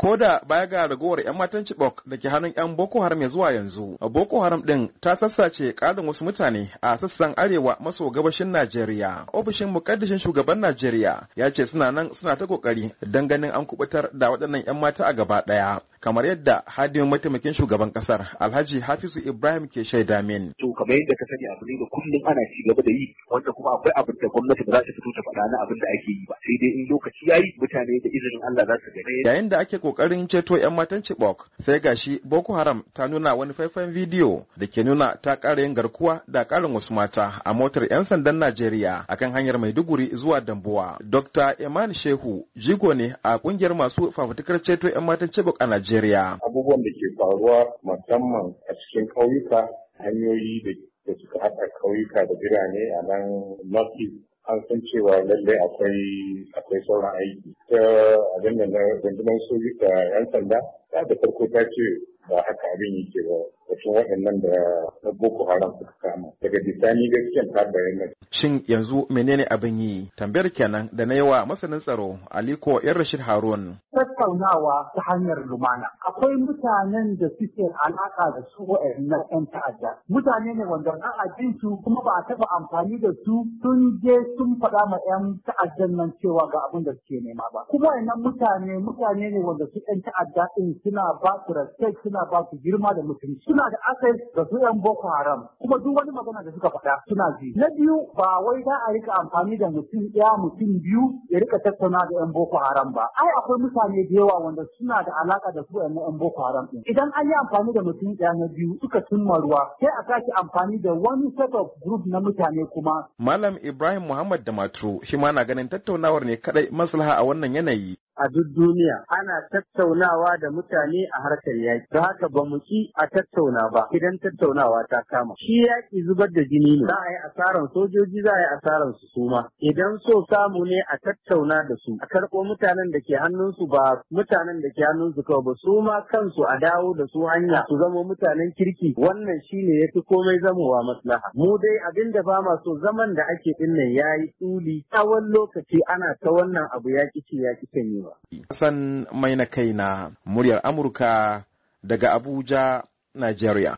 ko da baya ga ragowar 'yan matan Chibok da ke hannun 'yan Boko Haram ya zuwa yanzu. Boko Haram ɗin ta sassace ƙarin wasu mutane a sassan arewa maso gabashin Najeriya. Ofishin mukaddishin shugaban Najeriya ya ce suna nan suna ta kokari don ganin an kubutar da waɗannan 'yan mata a gaba ɗaya. Kamar yadda hadimin mataimakin shugaban ƙasar Alhaji Hafizu Ibrahim ke shaida min. To kamar yadda ka sani abu ne da kullum ana ci gaba da yi wanda kuma akwai abin da gwamnati ba za ta fito ta faɗa na abin da ake yi ba sai dai in lokaci ya yi mutane da izinin Allah za su ga. Yayin da ake kokarin ceto 'yan matan Chibok sai gashi Boko Haram ta nuna wani faifan bidiyo da ke nuna ta ƙara yin garkuwa da ƙarin wasu mata a motar 'yan sandan Najeriya akan hanyar Maiduguri zuwa Dambuwa. Dr. Iman Shehu jigo ne a ƙungiyar masu fafutukar ceto 'yan matan Chibok a Najeriya. Abubuwan da ke faruwa musamman a cikin ƙauyuka hanyoyi da suka haɗa ƙauyuka da birane a nan North East an san cewa lallai akwai akwai sauran aiki ta abin da na rundunar soji da yan sanda ta da farko ta ce ba haka abin yake ba wasu waɗannan da na boko haram samu daga bisani gaskiyan ta bayyana shin yanzu menene abin yi tambayar kenan da na yawa masanin tsaro aliko yan rashid harun tattaunawa ta hanyar lumana akwai mutanen da suke alaka da su na yan ta'adda mutane ne wanda ba a jin su kuma ba a taɓa amfani da su sun je sun faɗa ma yan ta'addan nan cewa ga abin da suke nema ba kuma wa'annan mutane mutane ne wanda su yan ta'adda ɗin suna ba su respect suna ba su girma da mutunci suna da access da su yan boko haram kuma duk wani magana da suka faɗa suna ji. Na biyu ba wai za a rika amfani da mutum ɗaya mutum biyu ya rika tattauna da 'yan Boko Haram ba. Ai akwai mutane da yawa wanda suna da alaka da su 'yan Boko Haram ɗin. Idan an yi amfani da mutum ɗaya na biyu suka cimma ruwa sai a sake amfani da wani set of group na mutane kuma. Malam Ibrahim Muhammad da Maturu shi ma na ganin tattaunawar ne kaɗai maslaha a wannan yanayi a duk duniya ana tattaunawa da mutane a harkar yaƙi don haka ba mu ki a tattauna ba idan tattaunawa ta kama shi yaƙi zubar da jini ne za a yi asaran sojoji za a yi asaran su suma idan so samu ne a tattauna da su a karɓo mutanen da ke hannunsu ba mutanen da ke hannunsu kawai ba su ma kansu a dawo da su hanya su zama mutanen kirki wannan shine fi komai zamowa maslaha mu dai abin da ba ma so zaman da ake dinnan yayi tsuli tsawon lokaci ana ta wannan abu ya kici ya kici ne ba. Hassan mai na kai na muryar Amurka daga Abuja, Najeriya.